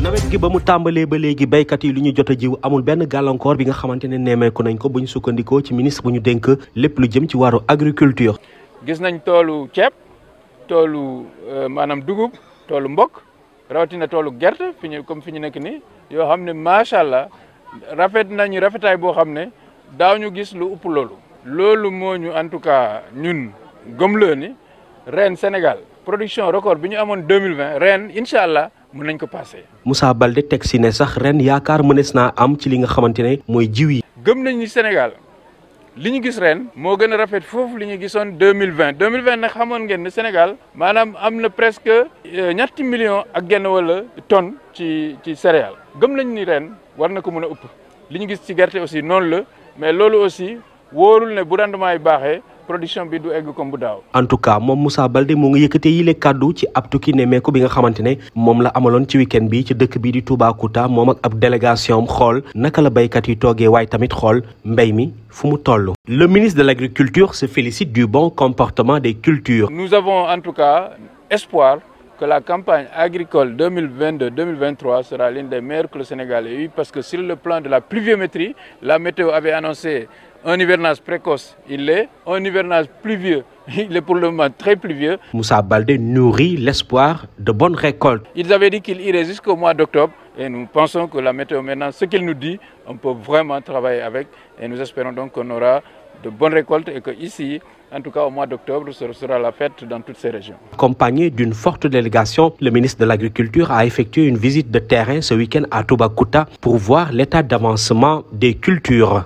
nawet gi ba mu tàmbalee ba léegi béykat yi lu ñu jot a jiw amul benn gàllankoor bi nga xamante ne neemeeku nañ ko bu ñu sukkandikoo ci ministre bu ñu denk lépp lu jëm ci wàllu agriculture. gis nañ toolu ceeb toolu euh, maanaam dugub toolu mbokk rawatina toolu gerte fi ñu comme fi ñu nekk nii yoo xam ne macha allah rafet nañu rafetaay boo xam ne daaw ñu gis lu ëpp loolu. loolu moo ñu en tout cas ñun gëm loo ni ren Sénégal production record bi ñu amoon deux mille vingt ren incha allah. mën nañ ko passé. Moussa Baldé teg si ne sax ren yaakaar mënees am ci li nga xamante moy jiwi gëm nañ ni Sénégal liñu gis ren. mo gëna rafet fofu liñu ñu 2020 2020 nak xamone ngeen ne Sénégal. manam am presque 90 euh, millions ak genn wala tonne ci ci céréales. gëm nañ ni ren war na ko mëna upp liñu gis ci gerte aussi non la mais lolu aussi worul ne bu rendement yi production bi du egg comme bu daw en tout cas moom Moussa Baldé mu ngi yëkkatee yile kàddu ci ab tukki nemmeeku bi nga xamantene mom la amalon ci week-end bi ci dëkk bi di ak ab tamit le ministre de l'agriculture se félicite du bon comportement des cultures. nous avons en tout cas espoir que la campagne agricole 2022-2023 sera l'une des meilleures que le Sénégal ait eu parce que sur le plan de la pluviométrie, la météo avait annoncé un hivernage précoce, il est, un hivernage pluvieux, il est pour le moment très pluvieux. Moussa Baldé nourrit l'espoir de bonnes récoltes. Ils avaient dit qu'il irait jusqu'au mois d'octobre. Et nous pensons que la météo maintenant, ce qu'il nous dit, on peut vraiment travailler avec. Et nous espérons donc qu'on aura de bonnes récoltes et qu'ici, en tout cas au mois d'octobre, ce sera la fête dans toutes ces régions. Accompagné d'une forte délégation, le ministre de l'Agriculture a effectué une visite de terrain ce week-end à Tobakuta pour voir l'état d'avancement des cultures.